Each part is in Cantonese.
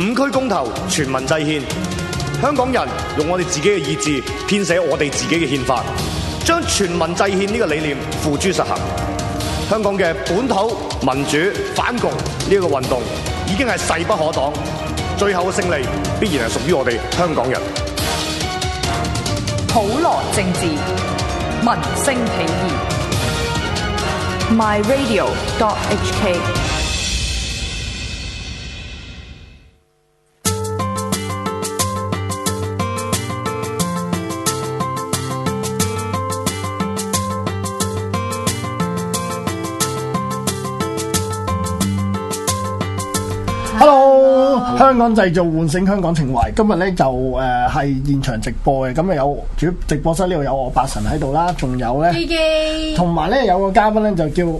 五區公投，全民制憲，香港人用我哋自己嘅意志編寫我哋自己嘅憲法，將全民制憲呢個理念付諸實行。香港嘅本土民主反共呢個運動已經係勢不可擋，最後嘅勝利必然係屬於我哋香港人。普羅政治，民聲起議。My Radio dot H K。香港製造，喚醒香港情懷。今日咧就誒、是、係、呃、現場直播嘅，咁啊有主直播室呢度有我八神喺度啦，仲有咧，同埋咧有個嘉賓咧就叫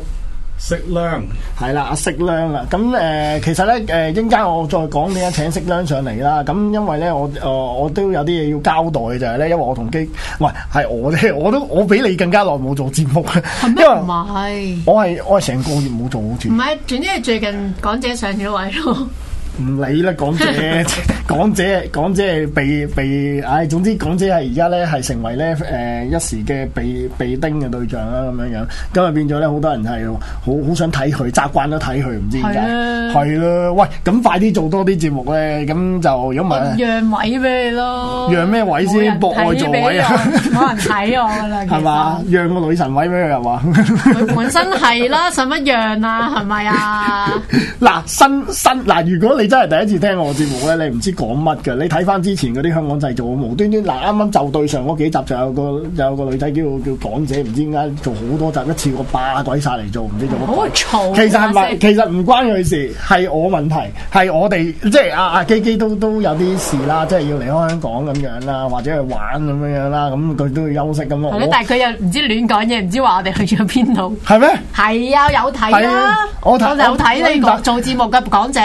色亮，係啦，阿色亮啦。咁誒、呃、其實咧誒，應、呃、嘉我再講點解請色亮上嚟啦。咁因為咧，我誒、呃、我都有啲嘢要交代嘅，就係、是、咧，因為我同機，喂，係我咧，我都我比你更加耐冇做節目，係咩嘛？係我係我係成個月冇做好節，唔係，總之係最近港姐上咗位咯。 唔理啦，港姐， 港姐，港姐，港姐被被，唉、哎，總之港姐係而家咧係成為咧，誒、呃、一時嘅被被盯嘅對象啦，咁樣樣，今日變咗咧，好多人係好好想睇佢，習慣都睇佢，唔知點解，係啦、啊啊，喂，咁快啲做多啲節目咧，咁就如果唔係，讓什麼位俾你咯，讓咩位先？博愛座位啊，冇人睇我啦，係嘛？讓個女神位俾佢又話，佢本身係啦，使乜讓啊？係咪啊？嗱， 新新嗱，如果你真係第一次聽我節目咧，你唔知講乜㗎。你睇翻之前嗰啲香港製造，無端端嗱，啱啱就對上嗰幾集就有個就有個女仔叫叫港姐，唔知點解做好多集，一次過霸鬼晒嚟做，唔知做乜。好嘈呀。其實係咪？其實唔關佢事，係我問題，係我哋即係阿阿璣璣都都有啲事啦，即係要離開香港咁樣啦，或者去玩咁樣樣啦，咁佢都要休息咁咯。係咯，但係佢又唔知亂講嘢，唔知話我哋去咗喺邊度。係咩？係啊，有睇啦，我，我有睇你做做節目嘅港姐，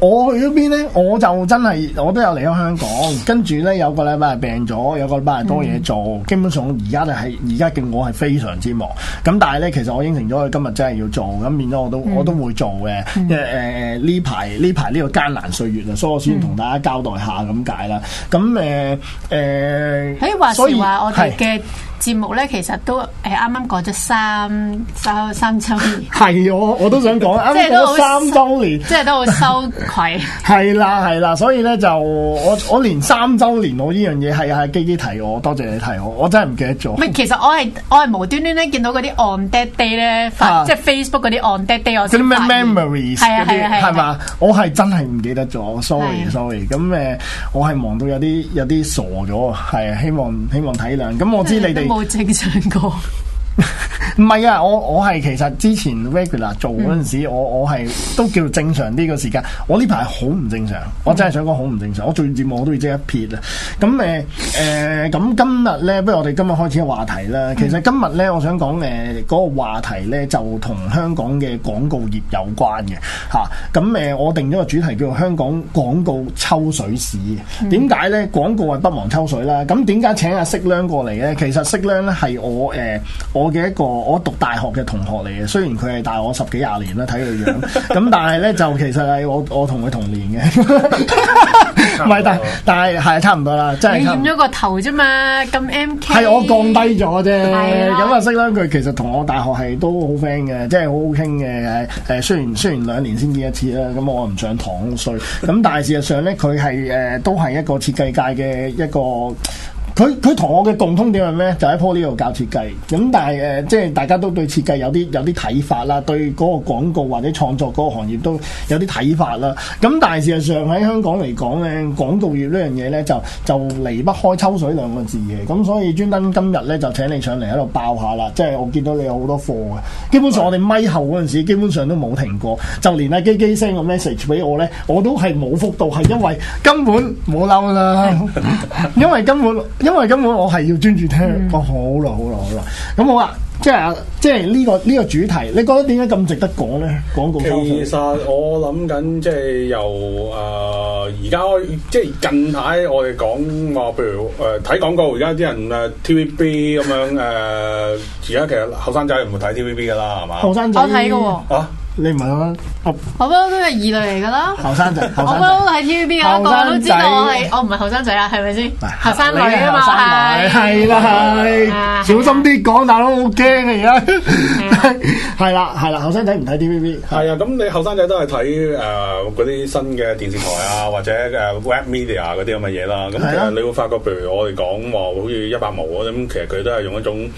我去咗邊咧，我就真係我都有離開香港，跟住咧有個禮拜係病咗，有個禮拜係多嘢做。嗯、基本上我而家就係而家嘅我係非常之忙。咁但係咧，其實我應承咗佢今日真係要做，咁變咗我都我都會做嘅。嗯、因為誒呢排呢排呢個艱難歲月，所以我先同大家交代下咁解啦。咁誒誒，喺、呃呃、話時話我哋嘅。節目咧其實都誒啱啱過咗三周三周年， 係我我都想講，即係都好三周年，即係都好 很羞愧 。係啦係啦，所以咧就我我連三周年我呢樣嘢係係璣璣提我，多謝你提我，我真係唔記得咗。唔係，其實我係我係無端端咧見到嗰啲 on that day 咧，即、啊、係、即係、Facebook 嗰啲 on that day 我嗰啲咩 memories 係啊係啊嘛、啊，我係真係唔記得咗，sorry sorry、啊。咁誒，我係忙到有啲有啲傻咗啊，係啊，希望希望體諒。咁我知你哋、啊。冇正常過。唔 係啊，我我係其實之前 regular 做嗰陣時候，嗯，我我係都叫正常啲個時間。我呢排好唔正常，我真係想講好唔正常。我做完節目我都要即刻撇啦。咁誒誒，咁，呃、今日咧，不如我哋今日開始個話題啦。其實今日咧，我想講誒嗰個話題咧，就同香港嘅廣告業有關嘅吓。咁，啊，誒，呃，我定咗個主題叫做香港廣告抽水史。點解咧？廣告係不忘抽水啦。咁點解請阿色亮過嚟咧？其實色亮咧係我誒我。呃我我嘅一個，我讀大學嘅同學嚟嘅，雖然佢係大我十幾廿年啦，睇佢樣，咁 但係咧就其實係我我同佢同年嘅，唔 係，但但係係差唔多啦，即係你染咗個頭啫嘛，咁 M K 係我降低咗啫，咁 啊識啦佢，其實同我大學係都好 friend 嘅，即係好好傾嘅，誒誒，雖然雖然兩年先見一次啦，咁我唔想糖衰，咁但係事實上咧，佢係誒都係一個設計界嘅一個。佢佢同我嘅共通點係咩？就喺坡呢度教設計咁，但係、呃、即係大家都對設計有啲有啲睇法啦，對嗰個廣告或者創作嗰個行業都有啲睇法啦。咁但係事實上喺香港嚟講咧，廣告業呢樣嘢咧就就離不開抽水兩個字嘅。咁所以專登今日咧就請你上嚟喺度爆一下啦。即係我見到你有好多貨嘅，基本上我哋咪後嗰陣時基本上都冇停過，就連阿璣璣 send 個 message 俾我咧，我都係冇覆到，係因為根本冇嬲啦，因為根本。 氣 因為根本我係要專注聽講，嗯哦，好耐好耐好耐。咁好啦，即係即係呢個呢個主題，你覺得點解咁值得講咧？廣告其實我諗緊即係由誒而家即係近排我哋講話，譬如誒睇廣告，而家啲人誒 TVB 咁樣誒，而家其實後生仔唔會睇 TVB 噶啦，係嘛？後生仔我睇嘅喎。你唔係咯？我我都都係異類嚟㗎啦，後生仔。我都喺 TVB 啊，個個都知道我係我唔係後生仔啊，係咪先？後生女啊嘛，係啦係。小心啲講，大佬好驚啊而家。係啦係啦，後生仔唔睇 TVB。係 啊，咁你後生仔都係睇誒嗰啲新嘅電視台啊， 或者 Web、uh, Media 嗰啲咁嘅嘢啦。咁你會發覺，譬如我哋講話，好似一百毛咁，其實佢都係用一種。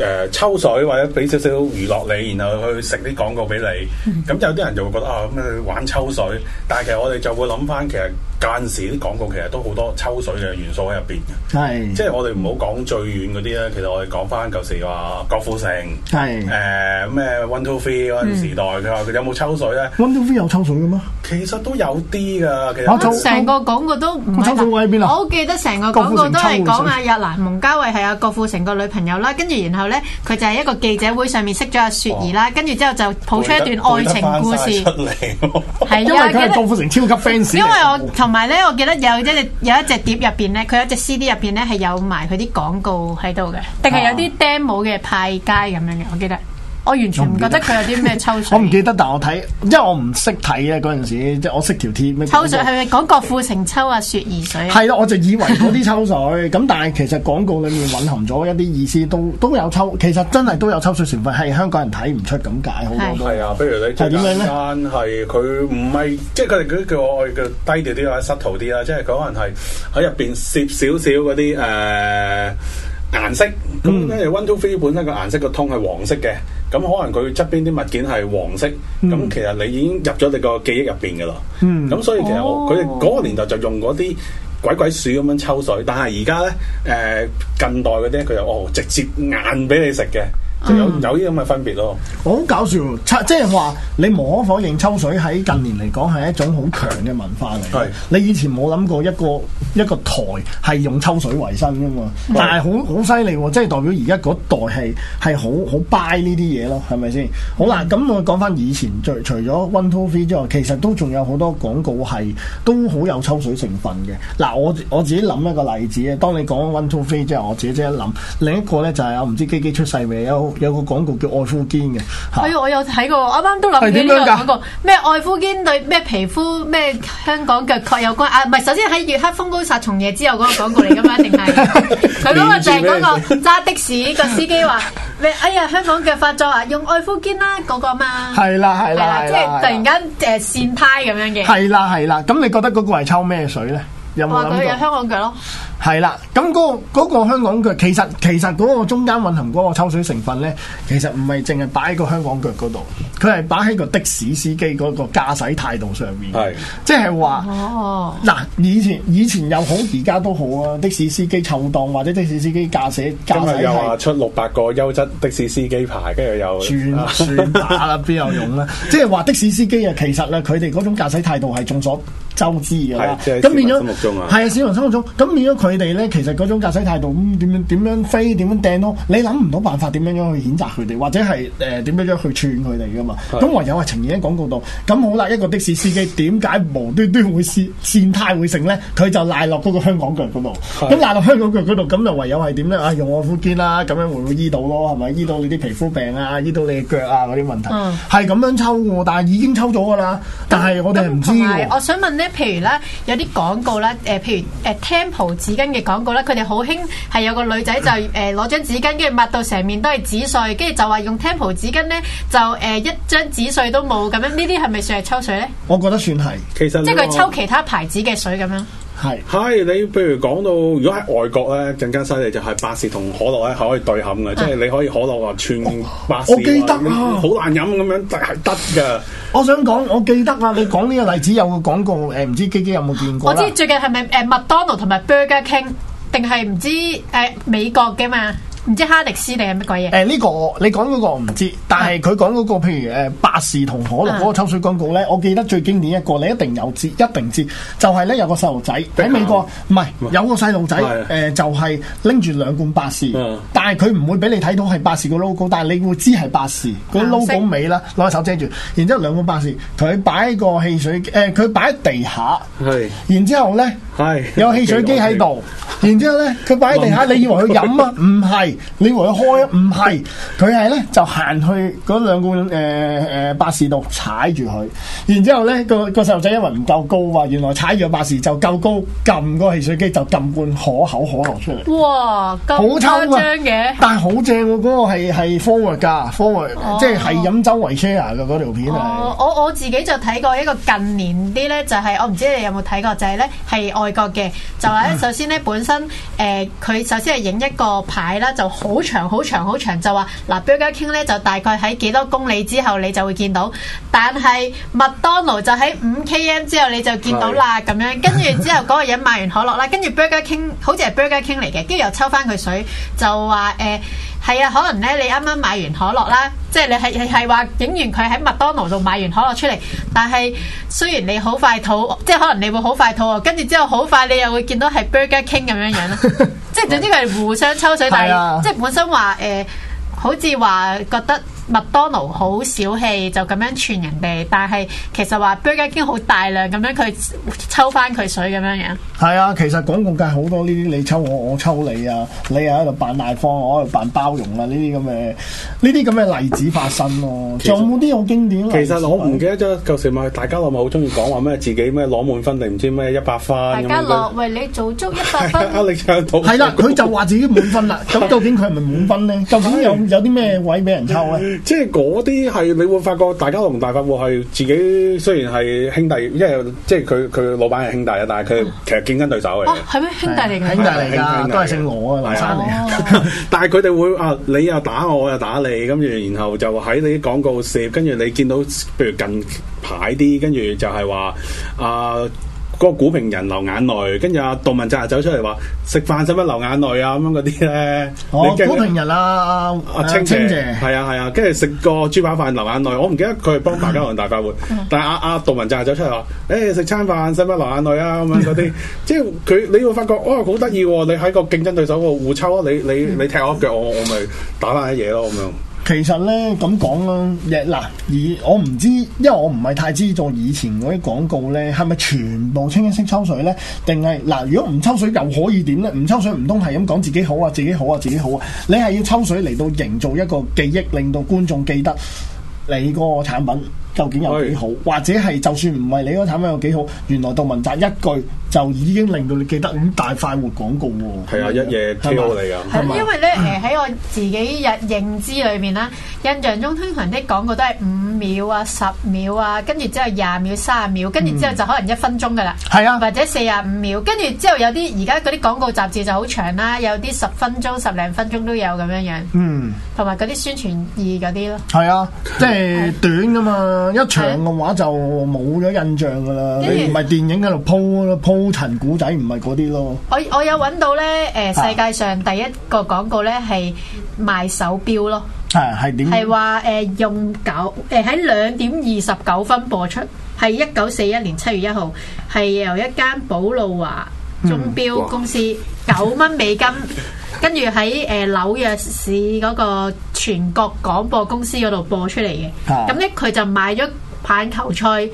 誒、呃、抽水或者俾少少娛樂你，然後去食啲廣告俾你，咁有啲人就會覺得啊，咁、哦、去、嗯、玩抽水，但係其實我哋就會諗翻其實。間時啲廣告其實都好多抽水嘅元素喺入邊嘅，係，即係我哋唔好講最遠嗰啲啦。其實我哋講翻舊時話郭富城係誒咩 One Two Three 嗰陣時代，佢話佢有冇抽水咧？One Two Three 有抽水嘅咩？其實都有啲㗎。其實成個廣告都冇抽水喎，喺邊啊？我好記得成個廣告都係講阿日蘭，蒙嘉慧係阿郭富城個女朋友啦。跟住然後咧，佢就係一個記者會上面識咗阿雪兒啦。跟住之後就抱出一段愛情故事嚟。係因為佢係郭富城超級 fans。因為我尋。同埋咧，我記得有一隻有一隻碟入邊咧，佢有一隻 CD 入邊咧，係有埋佢啲廣告喺度嘅，定係有啲 d m 舞嘅派街咁樣嘅，我記得。我完全唔覺得佢有啲咩抽水。我唔記， 記得，但我睇，因為我唔識睇啊嗰陣時，即係我識條鐵。過抽水係咪講郭富城抽啊雪兒水，啊？係 咯，我就以為嗰啲抽水，咁 但係其實廣告裏面隱含咗一啲意思，都都有抽。其實真係都有抽水成分，係香港人睇唔出咁解好多。係 啊，不如你最近山係佢唔係，即係佢哋嗰啲叫我，我叫低調啲啊、濕套啲啊，即係佢可能係喺入邊攝少少嗰啲誒顏色。咁咧，One Two Three 本身、個顏色、個湯係黃色嘅。咁可能佢側邊啲物件係黃色，咁、嗯、其實你已經入咗你個記憶入面噶啦。咁、嗯、所以其實佢哋嗰個年代就用嗰啲鬼鬼鼠咁樣抽水，但係而家咧、誒近代嗰啲佢就哦直接硬俾你食嘅。即、嗯、有有啲咁嘅分別咯。好搞笑，即係話你無可否認，抽水喺近年嚟講係一種好強嘅文化嚟。係你以前冇諗過一個一個台係用抽水為生噶嘛？但係好好犀利喎！即係代表而家嗰代係係好好掰呢啲嘢咯，係咪先？好啦，咁我講翻以前，除除咗 One Two Three 之外，其實都仲有好多廣告係都好有抽水成分嘅。嗱，我我自己諗一個例子啊。當你講 One Two Three 之後，我自己即係一諗另一個咧，就係我唔知璣璣出世未啊？有個廣告叫愛膚堅嘅，哎呀，我有睇過，我啱啱都諗起呢個廣告，咩愛膚堅對咩皮膚咩香港腳確有關，唔、啊、係，首先喺月黑風高殺蟲夜之後嗰個廣告嚟噶嘛，定係佢嗰個就係嗰、那個揸的士個司機話你哎呀，香港腳發作外啊，用愛膚堅啦，嗰個嘛，係啦係啦，啦，啦，啦，即係突然間誒跣胎咁樣嘅，係啦係啦，咁、呃、你覺得嗰個係抽咩水咧？有冇諗過？有、啊、香港腳咯。係啦，咁、那、嗰、個那個香港腳，其實其實嗰個中間運行嗰個抽水成分咧，其實唔係淨係擺喺個香港腳嗰度，佢係擺喺個的士司機嗰個駕駛態度上面。係，即係話，嗱，以前以前又好，而家都好啊！的士司機湊檔或者的士司機駕駛，今又話出六百個優質的士司機牌，跟住又轉轉打啦，邊 有用咧？即係話的士司機啊，其實咧佢哋嗰種駕駛態度係眾所周知噶，咁變咗，係、就是、啊，市民、啊、心目中，咁咗佢。你哋咧，其實嗰種駕駛態度咁點、嗯、樣點樣飛點樣掟咯？你諗唔到辦法點樣樣去譴責佢哋，或者係誒點樣樣去串佢哋噶嘛？咁唯有係呈現喺廣告度。咁好啦，一個的士司機點解無端端會線態會成咧？佢就賴落嗰個香港腳嗰度。咁賴落香港腳嗰度，咁就唯有係點咧？啊，用外敷肩啦，咁樣會唔會醫到咯？係咪醫到你啲皮膚病啊？醫到你嘅腳啊嗰啲問題？係、嗯、咁樣抽喎，但係已經抽咗㗎啦。但係我哋唔知、嗯嗯、我想問咧，譬如咧，有啲廣告咧，誒，譬如誒 Temple、呃嘅廣告啦，佢哋好興係有個女仔就誒攞、呃、張紙巾跟住抹到成面都係紙碎，跟住就話用 Tempo 紙巾咧就誒、呃、一張紙碎都冇咁樣，呢啲係咪算係抽水咧？我覺得算係，其實即係佢抽其他牌子嘅水咁樣。係，係你譬如講到，如果喺外國咧，更加犀利就係百事同可樂咧，係可以對撼嘅，即係你可以可樂啊，串百事我記得啊，好難飲咁樣，但係得㗎。我想講，我記得啊，你講呢個例子有個廣告，誒唔知璣璣有冇見過咧？我知最近係咪誒麥當勞同埋 Burger King 定係唔知誒、呃、美國嘅嘛？唔知哈迪斯定係乜鬼嘢？誒、呃，呢、這個你講嗰個我唔知，但係佢講嗰個，譬如誒百事同可樂嗰個抽水廣告咧、啊，我記得最經典一個，你一定有知，一定知，就係、是、咧有個細路仔喺美國，唔係有個細路仔誒，就係拎住兩罐百事，但係佢唔會俾你睇到係百事個 logo，但係你會知係百事個 logo 尾啦，攞手遮住，然之後兩罐百事，佢擺個汽水，誒、呃，佢擺喺地下，係，然之後咧。係 有汽水機喺度，然之後咧，佢擺喺地下，你以為佢飲啊？唔係，你以為佢開啊？唔係，佢係咧就行去嗰兩罐誒誒百事度踩住佢，然之後咧、嗰個細路仔因為唔夠高啊，原來踩住百事就夠高，撳個汽水機就撳罐可口可樂出嚟。哇，好誇張嘅，但係好正喎，嗰、嗰個係係 forward 噶，forward 即係係喺周圍 share 嘅嗰條片係、oh, oh。我我自己就睇過一個近年啲咧，就係、是、我唔知你有冇睇過，就係咧係外。嘅就係咧，首先咧本身誒，佢、呃、首先係影一個牌啦，就好長、好長、好長，就話嗱、啊，Burger King 咧就大概喺幾多公里之後你就會見到，但係麥當勞就喺五 km 之後你就見到啦，咁樣跟住之後嗰個人買完可樂啦，跟住 Burger King 好似係 Burger King 嚟嘅。跟住又抽翻佢水，就話誒。呃係啊，可能咧，你啱啱買完可樂啦，即係你係係話影完佢喺麥當勞度買完可樂出嚟，但係雖然你好快肚，即係可能你會好快肚餓，跟住之後好快你又會見到係 Burger King 咁樣樣 即係總之佢係互相抽水， 但係即係本身話誒、呃，好似話覺得。麥當勞好小氣就咁樣串人哋，但係其實話 Burger King 好大量咁樣佢抽翻佢水咁樣樣。係啊，其實廣告界好多呢啲你抽我，我抽你啊，你又喺度扮大方，我喺度扮包容啊。呢啲咁嘅呢啲咁嘅例子發生咯、啊。仲有冇啲好經典的？其實我唔記得咗，舊 時咪大家樂咪好中意講話咩自己咩攞滿分定唔知咩一百分。大家樂為你做足一百分。壓力上到。係啦，佢就話自己滿分啦，咁 究竟佢係咪滿分咧？ 究竟有有啲咩位俾人抽咧？即係嗰啲係，你會發覺大家同大發會係自己，雖然係兄弟，因為即係佢佢老闆係兄弟，他是啊，但係佢其實競爭對手嚟。哦，係咩兄弟嚟？兄弟嚟㗎，都係姓羅啊，大發。哦、 但係佢哋會啊，你又打我，我又打你，跟住然後就喺你廣告攝，跟住你見到，譬如近排啲，跟住就係話啊。那個股評人流眼淚，跟住阿杜汶澤走出嚟話，食飯使乜流眼淚啊咁樣嗰啲咧，哦，股評人啊，阿、啊、清姐係啊係啊，跟住食個豬扒飯流眼淚，我唔記得佢係幫大家樂定大快活，嗯，但係阿阿杜汶澤走出嚟話，誒、欸、食餐飯使乜流眼淚啊咁樣嗰啲， 即係佢你會發覺哦好得意，你喺個競爭對手個互抽咯，你你你踢我腳， 我我咪打翻啲嘢咯咁樣。其實呢，咁講啦，嗱以我唔知，因為我唔係太知道以前嗰啲廣告呢，係咪全部清一色抽水呢？定係嗱，如果唔抽水又可以點呢？唔抽水唔通係咁講自己好啊，自己好啊，自己好啊？你係要抽水嚟到營造一個記憶，令到觀眾記得。你個產品究竟有幾好？或者係就算唔係你個產品有幾好，原來杜汶澤一句就已經令到你記得五大快活廣告喎。係啊，一夜挑到㗎。係因為咧，誒喺我自己日認知裏面啦，印象中通常啲廣告都係五秒啊，十秒啊，跟住之後廿秒、卅秒，跟、嗯、住之後就可能一分鐘噶啦，係啊，或者四十五秒，跟住之後有啲而家嗰啲廣告雜誌就好長啦，有啲十分鐘、十零分鐘都有咁樣樣，嗯，同埋嗰啲宣傳二嗰啲咯，係啊，即、就、係、是、短噶嘛、啊，一長嘅話就冇咗印象噶啦，你唔係、啊、電影喺度鋪鋪陳古仔，唔係嗰啲咯。我我有揾到咧，誒、呃、世界上第一個廣告咧係賣手錶咯。係係點？係話誒，用九誒喺兩點二十九分播出，係一九四一年七月一號，係由一間寶路華鐘錶公司九蚊美金，跟住喺誒紐約市嗰個全國廣播公司嗰度播出嚟嘅。咁呢，佢就買咗棒球賽。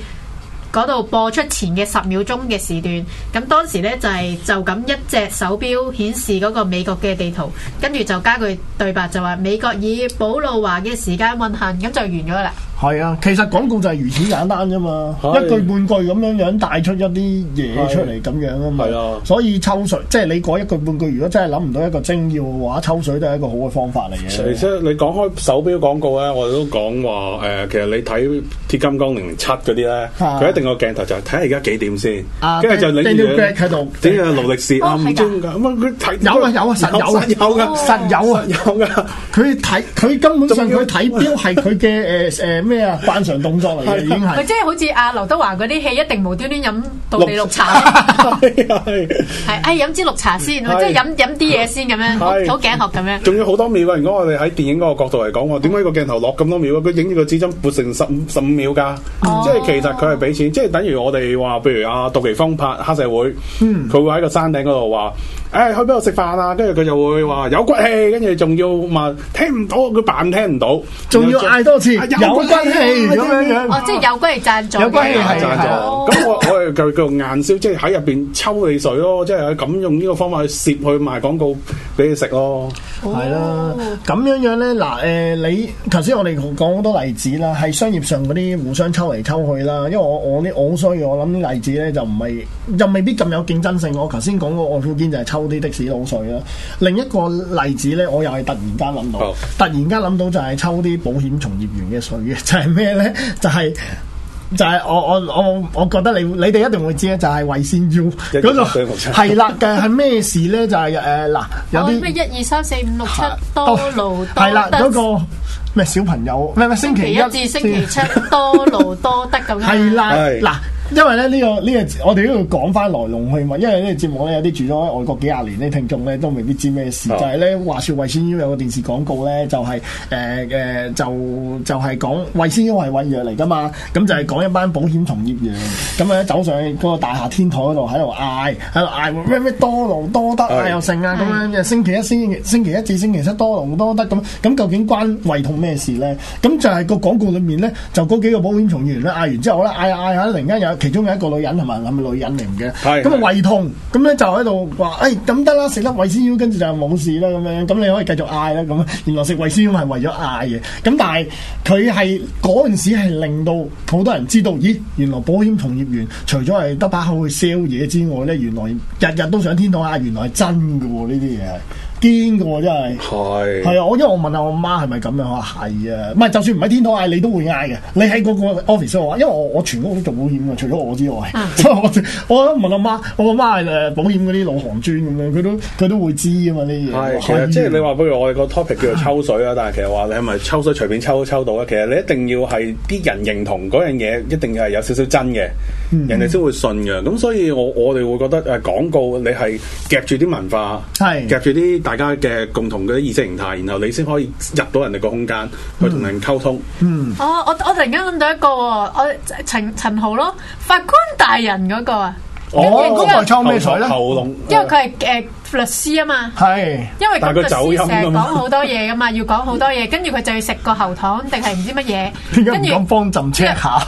嗰度播出前嘅十秒鐘嘅時段，咁當時咧就係、是、就咁一隻手表顯示嗰個美國嘅地圖，跟住就加句對白就話，美國以保路華嘅時間運行，咁就完咗啦。係啊，其實廣告就係如此簡單啫嘛，一句半句咁樣樣帶出一啲嘢出嚟咁樣啊，啊，所以抽水即係你嗰一句半句，如果真係諗唔到一個精要嘅話，抽水都係一個好嘅方法嚟嘅。其實你講開手表廣告咧，我哋都講話誒，其實你睇《鐵金剛零零七》嗰啲咧，佢一定個鏡頭就係睇下而家幾點先，跟住就擰住隻表，點解勞力士暗裝咁佢睇有啊有啊有啊有噶，實有啊、哦、有噶。佢睇佢根本上佢睇表係佢嘅誒誒。 咩啊？扮場動作嚟嘅已經係， 即係好似阿劉德華嗰啲戲，一定無端端飲杜地綠茶，啊 哎、飲綠茶。係係，係唉，飲支綠茶先，即係飲飲啲嘢先咁樣，好頸渴咁樣。仲要好多秒啊！如果我哋喺電影嗰個角度嚟講，我點解個鏡頭落咁多秒啊？佢影住個紙巾撥成十五十五秒㗎。即係其實佢係俾錢，哦、即係等於我哋話，譬如阿杜琪峰拍黑社會，佢會喺個山頂嗰度話。誒去邊度食飯啊？跟住佢就會話有骨氣，跟住仲要話聽唔到，佢扮聽唔到，仲要嗌多次有骨氣咁樣樣哦，即係有骨氣贊助，有骨氣係贊助。咁我我係叫叫硬銷，即係喺入邊抽你水咯，即係咁用呢個方法去攝去賣廣告俾你食咯，係、哦、啦。咁樣樣咧嗱誒，你頭先我哋講好多例子啦，係商業上嗰啲互相抽嚟抽去啦。因為我我啲我所以，我諗啲例子咧就唔係又未必咁有競爭性。我頭先講個愛護堅就係抽。啲的士佬水啦，另一個例子咧，我又係突然間諗到，突然間諗到就係抽啲保險從業員嘅水嘅，就係咩咧？就係、是、就係、是就是、我我我我覺得你你哋一定會知咧，就係為先要嗰個係啦嘅係咩事咧？就係誒嗱，有啲咩一二三四五六七多勞係啦，嗰、那個咩小朋友？唔星期一至星期七多勞多得咁 樣係啦嗱。因為咧呢、這個呢、這個我哋都要講翻，來龍去脈，因為呢個節目咧有啲住咗喺外國幾廿年啲聽眾咧都未必知咩事，oh. 就係咧話說胃仙 U 有個電視廣告咧就係誒誒就就係、是、講胃仙 U 係胃藥嚟噶嘛，咁、嗯、就係、是、講一班保險從業員咁樣走上去嗰個大廈天台嗰度喺度嗌喺度嗌咩咩多勞多得、oh. 又啊又剩啊咁樣，星期一先星期一至星、星期七多勞多得咁，咁究竟關胃痛咩事咧？咁就係個廣告裏面咧就嗰幾個保險從業員咧嗌完之後咧嗌嗌下，突然間有。其中有一個女人係嘛，係咪女人嚟唔嘅？咁啊胃痛，咁咧就喺度話，誒咁得啦，食粒胃仙 U，跟住就冇事啦。咁樣，咁你可以繼續嗌啦。咁，原來食胃仙 U 係為咗嗌嘅。咁但係佢係嗰陣時係令到好多人知道，咦？原來保險從業員除咗係得把口去 sell 嘢之外咧，原來日日都上天台嗌，原來係真嘅喎、哦。呢啲嘢係。堅嘅真係，係係啊！我因為我問下我媽係咪咁樣，啊？話係啊，唔係就算唔喺天堂嗌你都會嗌嘅。你喺嗰個 office 嘅話，因為我我全屋都做保險啊，除咗我之外，啊、 所以我問我都問阿媽，我阿媽係誒保險嗰啲老行專咁樣，佢都佢都會知啊嘛啲嘢。係係啊，即係你話，不如我哋個 topic 叫做抽水啊，但係其實話你係咪抽水隨便抽都抽到啊？其實你一定要係啲人認同嗰樣嘢，一定係有少少真嘅，嗯、人哋先會信嘅。咁、嗯、所以我我哋會覺得誒廣告你係夾住啲文化，係夾住啲大家嘅共同嗰啲意識形態，然後你先可以入到人哋個空間、嗯、去同人溝通。嗯，哦，我我突然間諗到一個，我陳陳豪咯，法官大人嗰個啊，因為因為頭龍，因為佢係。誒。律師啊嘛，係，因為佢個律師成日講好多嘢噶嘛，嘛，要講好多嘢，跟住佢就要食個喉糖定係唔知乜嘢，跟住方陣 check 下，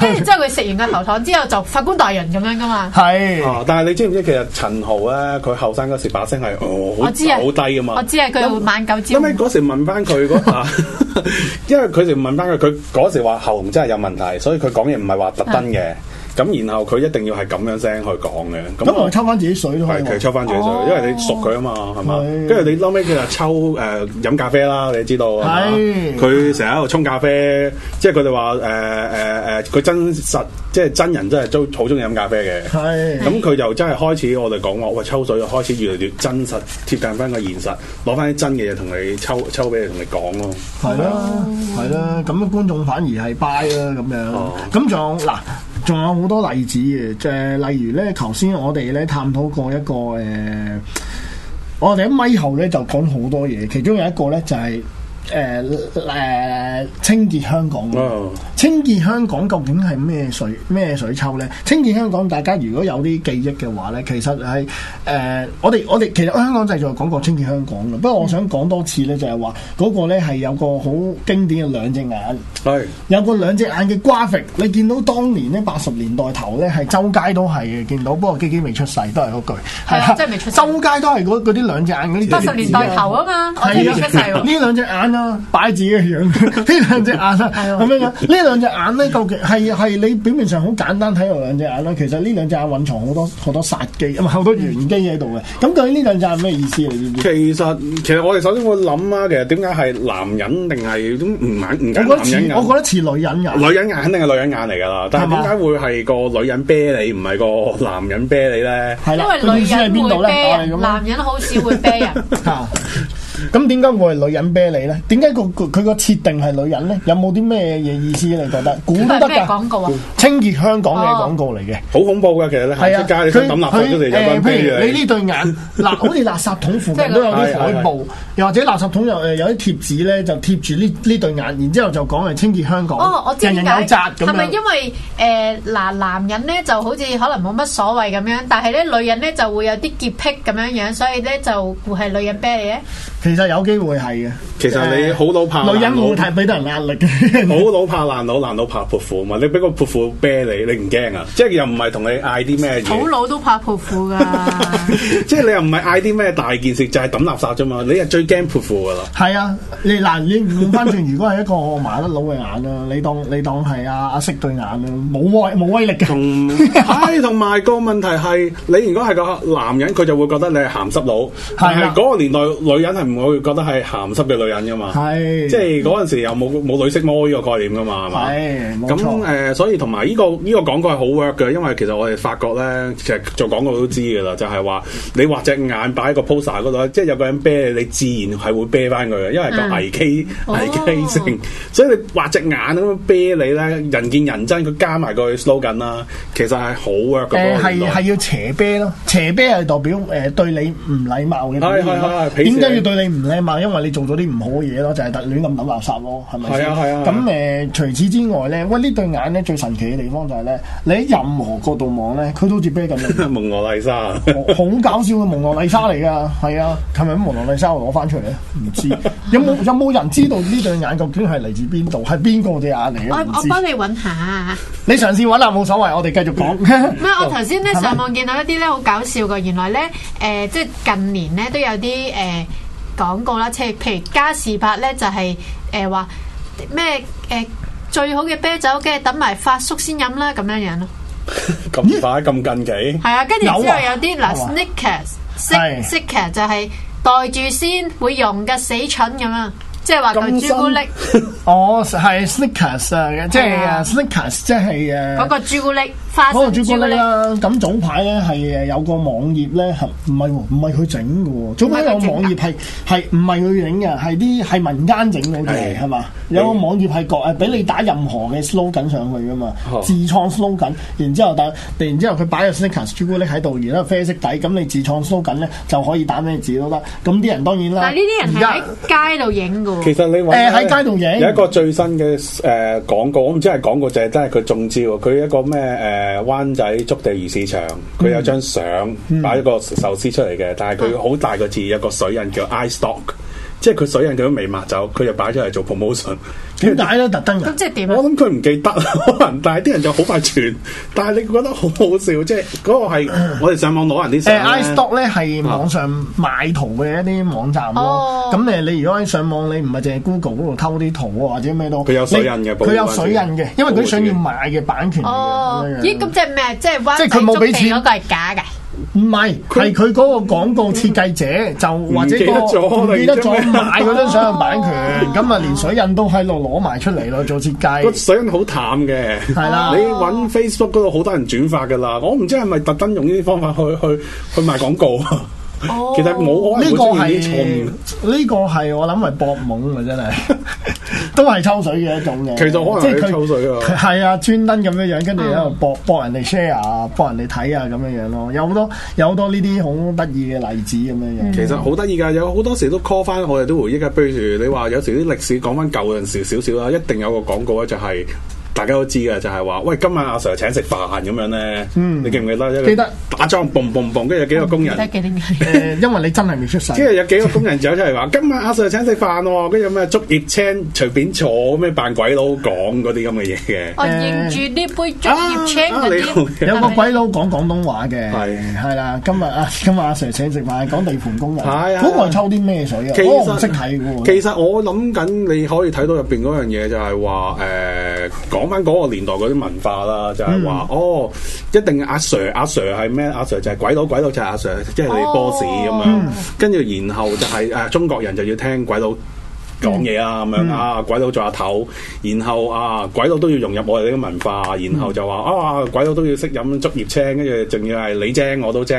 跟住 之後佢食完個喉糖之後就法官大人咁樣噶嘛，係、哦，但係你知唔知道其實陳豪咧佢後生嗰時把聲係好好低噶嘛，我知啊，佢晚九朝，因為嗰時問翻佢嗰下， 因為佢哋問翻佢，佢嗰時話喉嚨真係有問題，所以佢講嘢唔係話特登嘅。咁然後佢一定要係咁樣聲去講嘅，咁我抽翻自己水咯。係，其實抽翻自己水，因為你熟佢啊嘛，係、哦、嘛？跟住你後屘佢就抽誒飲、呃、咖啡啦，你知道。係。佢成日喺度沖咖啡，即係佢哋話誒誒誒，佢、呃呃、真實即係真人真係都好中意飲咖啡嘅。係。咁、嗯、佢就真係開始我哋講話，喂、呃、抽水開始越嚟越真實貼近翻個現實，攞翻啲真嘅嘢同你抽抽俾你同你講咯。係咯、啊，係、嗯、咯，咁嘅、啊嗯啊、觀眾反而係 buy 啊咁樣，咁、哦、仲……嗱。仲有好多例子嘅，即係例如咧，頭先我哋咧探討過一個誒、呃，我哋喺咪後咧就講好多嘢，其中有一個咧就係、是。誒、呃、誒、呃，清潔香港，oh. 清潔香港究竟係咩水咩水抽咧？清潔香港，大家如果有啲記憶嘅話咧，其實係誒、呃，我哋我哋其實香港製造講過清潔香港嘅，不過我想講多次咧，就係話嗰個咧係有個好經典嘅兩隻眼，係、oh. 有個兩隻眼嘅 graphic 你見到當年咧八十年代頭咧係周街都係嘅，見到，不過璣璣未，oh. 啊未，啊、未出世都係嗰句，係啊，即係未出世，周街都係嗰啲兩隻眼啲，八十年代頭啊嘛，未出世，呢兩隻眼擺自己嘅樣，呢兩隻眼啊，咁樣嘅，呢兩隻眼咧，究竟係係你表面上好簡單睇到兩隻眼啦，其實呢兩隻眼蘊藏好多好多殺機，唔好多玄機喺度嘅。咁呢兩隻係咩意思？其實其實我哋首先會諗啊，其實點解係男人定係唔唔我覺得似女人眼，女人眼肯定係女人眼嚟噶啦，但係點解會係個女人啤你，唔係個男人啤你咧？係因為女人會啤人，男人好少會啤人。 咁點解我係女人啤你咧？點解個佢個設定係女人咧？有冇啲咩嘢意思呢？你覺得？係咩廣告啊？清潔香港嘅廣告嚟嘅，好恐怖㗎，其實喺出街你想抌垃圾出嚟就咁嘅樣。譬如你呢對眼嗱，好似垃圾桶附近都有啲海報，又或者垃圾桶又誒有啲貼紙咧，就貼住呢呢對眼，然之後就講係清潔香港。哦，我知點解。係咪因為誒嗱、呃、男人咧就好似可能冇乜所謂咁樣，但係咧女人咧就會有啲潔癖咁樣樣，所以咧就係女人啤你咧？其實有機會係嘅、呃。其實你好老怕老女人冇係俾到人壓力嘅。好老，老怕爛佬爛佬怕潑婦嘛？你俾個潑婦啤你，你唔驚啊？即係又唔係同你嗌啲咩嘢？好老，老都怕潑婦噶。 即係你又唔係嗌啲咩大件事，就係、是、抌垃圾啫嘛？你係最驚潑婦噶啦。係啊，你嗱你換翻轉， 如果係一個麻甩佬嘅眼啦，你當你當係阿阿色對眼啦，冇威冇威力嘅。同、 嗯、唉、哎，同埋個問題係，你如果係個男人，佢就會覺得你係鹹濕佬。係係嗰個年代，女、女人係。我覺得係鹹濕嘅女人㗎嘛，即係嗰陣時又冇冇女色魔呢個概念㗎嘛，係嘛？咁、呃、所以同埋呢個呢、呢個廣告係好 work 嘅，因為其實我哋發覺咧，其實做廣告都知㗎啦，就係、是、話你畫隻眼擺喺個 poster 嗰度，即係有個人啤你，你自然係會啤翻佢嘅，因為個危機危機性。所以你畫隻眼咁樣啤你咧，人見人憎。佢加埋個 slogan 啦，其實係好 work 㗎。誒係係要斜啤咯，斜啤係代表、呃、對你唔禮貌嘅。係點解要對？你唔叻嘛？因為你做咗啲唔好嘅嘢咯，就係、是、特亂咁抌垃圾咯，係咪先？係啊係啊。咁誒、啊啊嗯，除此之外咧，喂，呢對眼咧最神奇嘅地方就係、是、咧，你喺任何角度望咧，佢都好似畀你咁樣。蒙娜麗莎，好搞笑嘅蒙娜麗莎嚟㗎，係啊，琴日蒙娜麗莎攞翻出嚟啊？唔知有冇有冇人知道呢對眼究竟係嚟自邊度？係邊個嘅眼嚟？我我幫你揾下。你嘗試揾啦，冇所謂。我哋繼續講。唔、哦、係， 我頭先咧上網見到一啲咧好搞笑嘅，原來咧誒、呃，即係近年咧都有啲誒。呃廣告啦，即係譬如嘉士伯咧，就是，就係誒話咩，誒最好嘅啤酒，梗係等埋發叔先飲啦，咁樣樣咯。咁快咁，嗯、近期，係啊，跟住之後有啲嗱，啊啊、Snickers、Snickers 就係袋住先會用嘅死蠢咁啊，即係話個朱古力。 哦，係 Snickers 啊，即係 Snickers 即係誒。啊啊嗰個朱古力。可能朱古力啦，咁早排咧係有個網頁咧，唔係唔係佢整嘅喎，早排有個網頁係唔係佢影嘅？係啲係民間整嘅係嘛。有個網頁係講俾你打任何嘅 s l o a 緊上去㗎嘛、嗯，自創 s l o a 緊，然之後但然之後佢擺 Circus》朱古力喺度，而家啡色底。咁你自創 s l o a 緊咧就可以打咩字都得。咁啲人當然啦。但呢啲人係喺街度影㗎喎。其實你話喺、欸、街度影有一個最新嘅誒、呃、廣告，我唔知係廣告就係真係佢中招。佢一個咩誒，灣仔築地魚市場佢有張相擺一個壽司出嚟嘅，但係佢好大個字，有一個水印叫 iStock。即係佢水印都未抹走，佢就擺咗嚟做 promotion。點解咧？特登嘅？即係點？我諗佢唔記得，可能。但係啲人就好快傳，但係你覺得好好笑，即係嗰個係我哋上網攞人啲相。誒、呃，iStock 咧係網上買圖嘅一啲網站咯。咁、oh. 你如果喺上網，你唔係淨係 Google 嗰度偷啲圖或者咩都。佢有水印嘅，佢有水印嘅，因為佢想要買嘅版權。哦。咦？咁即係咩？即係 o 即係佢冇俾錢，嗰個係假嘅。唔係，係佢嗰個廣告設計者就或者得、那、咗、個，記，唔記得咗買嗰張相嘅版權，咁 啊連水印都喺度攞埋出嚟咯，做設計。個水印好淡嘅，係啦。 你搵 Facebook 嗰度好多人轉發噶啦，我唔知係咪特登用呢啲方法去去去賣廣告。哦， 其實冇可能、 這個、我係呢個係呢個係我諗係博懵啊，真係。 都係抽水嘅一種嘅，其實可能係即係佢係啊，專登咁樣樣，跟住喺度博博人哋 share 啊，博人哋睇啊，咁樣樣咯，有好多有好多呢啲好得意嘅例子咁樣樣，嗯。其實好得意㗎，有好多時都 call 翻我哋都回憶嘅，譬如你話有時啲歷史講翻舊嗰陣時少少啦，一定有個廣告咧就係，是。大家都知嘅就係、是、話，喂，今晚阿 Sir 請食飯咁樣咧、嗯，你記唔記得？記得打樁，boom boom boom，跟住有幾個工人。嗯、 因為你真係未出世。跟住有幾個工人走出嚟話， 今晚阿 Sir 請食飯，跟住咩竹葉青隨便坐，咩扮鬼佬講嗰啲咁嘅嘢嘅。我飲住呢杯竹葉青有個鬼佬講廣東話嘅。係係啦，今日啊，今日阿 Sir 請食飯，講地盤工人。係係啦。估我抽啲咩水啊？其實我諗緊，你可以睇到入邊嗰樣嘢就係話，誒、呃。講翻嗰個年代嗰啲文化啦，就係、是、話、嗯、哦，一定阿 Sir 阿 Sir 係咩？阿 Sir 就係鬼佬，鬼佬就係阿 Sir，即係你 boss 咁樣。哦、跟住然後就係、是、誒、啊、中國人就要聽鬼佬，講嘢啊咁樣啊、嗯、鬼佬做阿頭，然後啊鬼佬都要融入我哋呢個文化，然後就話啊鬼佬都要識飲竹葉青，跟住仲要係你精我都精，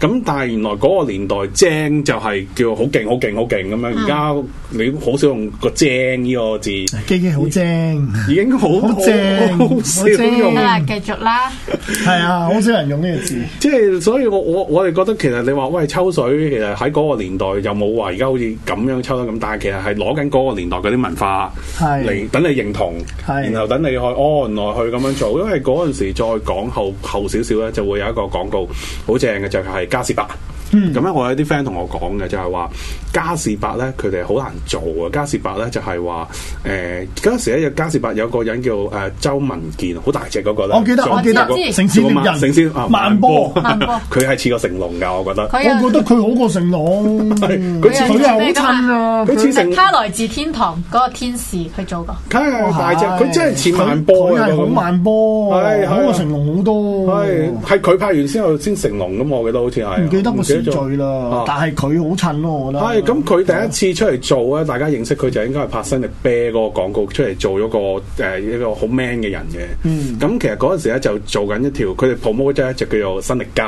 咁但係原來嗰個年代精就係叫好勁好勁好勁咁樣，而、嗯、家你好少用個精呢個字，璣璣好精，已經好好少用。繼、啊、續啦，係 啊，好少人用呢個字，即、就、係、是、所以我我我哋覺得其實你話喂抽水，其實喺嗰個年代就冇話而家好似咁樣抽得咁，但係其實係攞等、那、嗰個年代嗰啲文化，係，等你認同，係，然後等你去安、oh, 原來去咁樣做，因為嗰陣時再講後後少少咧，就會有一個廣告好正嘅，就係嘉士伯。嗯，咁樣我有啲 friend 同我講嘅就係、是、話。嘉士伯咧，佢哋好難做啊！嘉士伯咧就係話，誒嗰陣時咧有嘉士伯有個人叫誒、呃、周文健，好大隻嗰、那個咧。我記得，我記得、那個成仙萬成萬波，波，佢係似個成龍㗎，我覺得。我覺得佢好過成龍，佢似佢好襯啊，佢似成。他來自天堂嗰個天使去做過、哦。他係大隻，佢真係似萬波、啊，佢係好萬波，係、啊、好過成龍好多、啊。係係佢拍完之後先成龍㗎嘛？我記得好似係。唔記得我寫咗啦，但係佢好襯咯、啊，我覺得。咁佢第一次出嚟做咧，大家認識佢就應該係拍新力啤嗰個廣告，出嚟做咗個誒一個好、呃、man 嘅人嘅。咁、嗯、其實嗰陣時咧就做緊一條，佢哋 promote 咗一隻叫做新力街。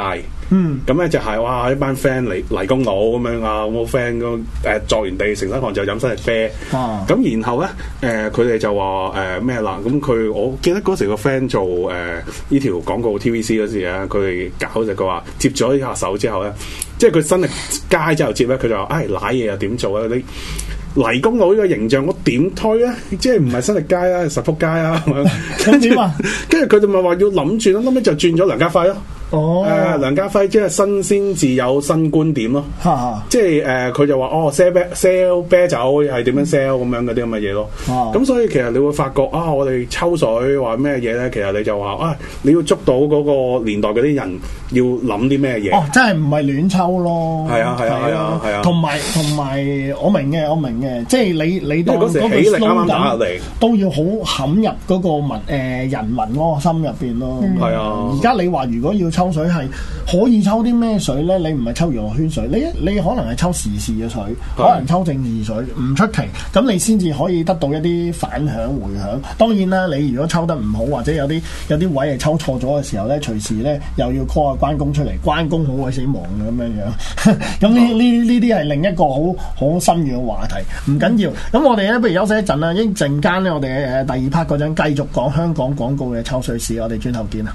嗯，咁、嗯、咧、嗯、就係哇，一班 friend 嚟泥工佬咁樣、那個呃、啊，我 friend 誒鑿完地成身汗就飲新力啤咁然後咧誒佢哋就話誒咩啦，咁、呃、佢、嗯、我記得嗰時個 friend 做誒呢、呃、條廣告 TVC 嗰時啊，佢哋搞就佢話接咗呢下手之後咧，即係佢新力街之後接咧，佢就唉，瀨、哎、嘢又點做啊？你黎公佬呢個形象我點推啊？即係唔係新力街啊，十福街啊？跟住嘛，跟住佢就咪話要諗住咯，咁樣就轉咗梁家輝咯、啊。哦、呃，梁家輝即係新鮮自有新觀點、啊呃哦嗯、咯，即係誒佢就話哦 sell sell 啤酒係點樣 sell 咁樣嗰啲咁嘅嘢咯，咁所以其實你會發覺啊，我哋抽水話咩嘢咧，其實你就話啊、哎，你要捉到嗰個年代嗰啲人要諗啲咩嘢？哦、啊，真係唔係亂抽咯，係啊係啊係啊，同埋同埋我明嘅我明嘅，即係你你當嗰時起力啱啱打入嚟，都要好冚入嗰個民誒、呃、人民嗰個心入邊咯，係、嗯、啊，而家你話如果要抽水係可以抽啲咩水呢？你唔係抽娛樂圈水，你你可能係抽時事嘅水，可能抽政治水，唔出奇，咁，你先至可以得到一啲反響回響。當然啦，你如果抽得唔好，或者有啲有啲位係抽錯咗嘅時候咧，隨時咧又要 call 下關公出嚟，關公好鬼死亡嘅咁樣樣。咁呢呢呢啲係另一個好好深遠嘅話題。唔緊要，咁我哋咧不如休息一陣啦，一陣間呢，我哋第二 part 嗰陣繼續講香港廣告嘅抽水史，我哋轉頭見啊。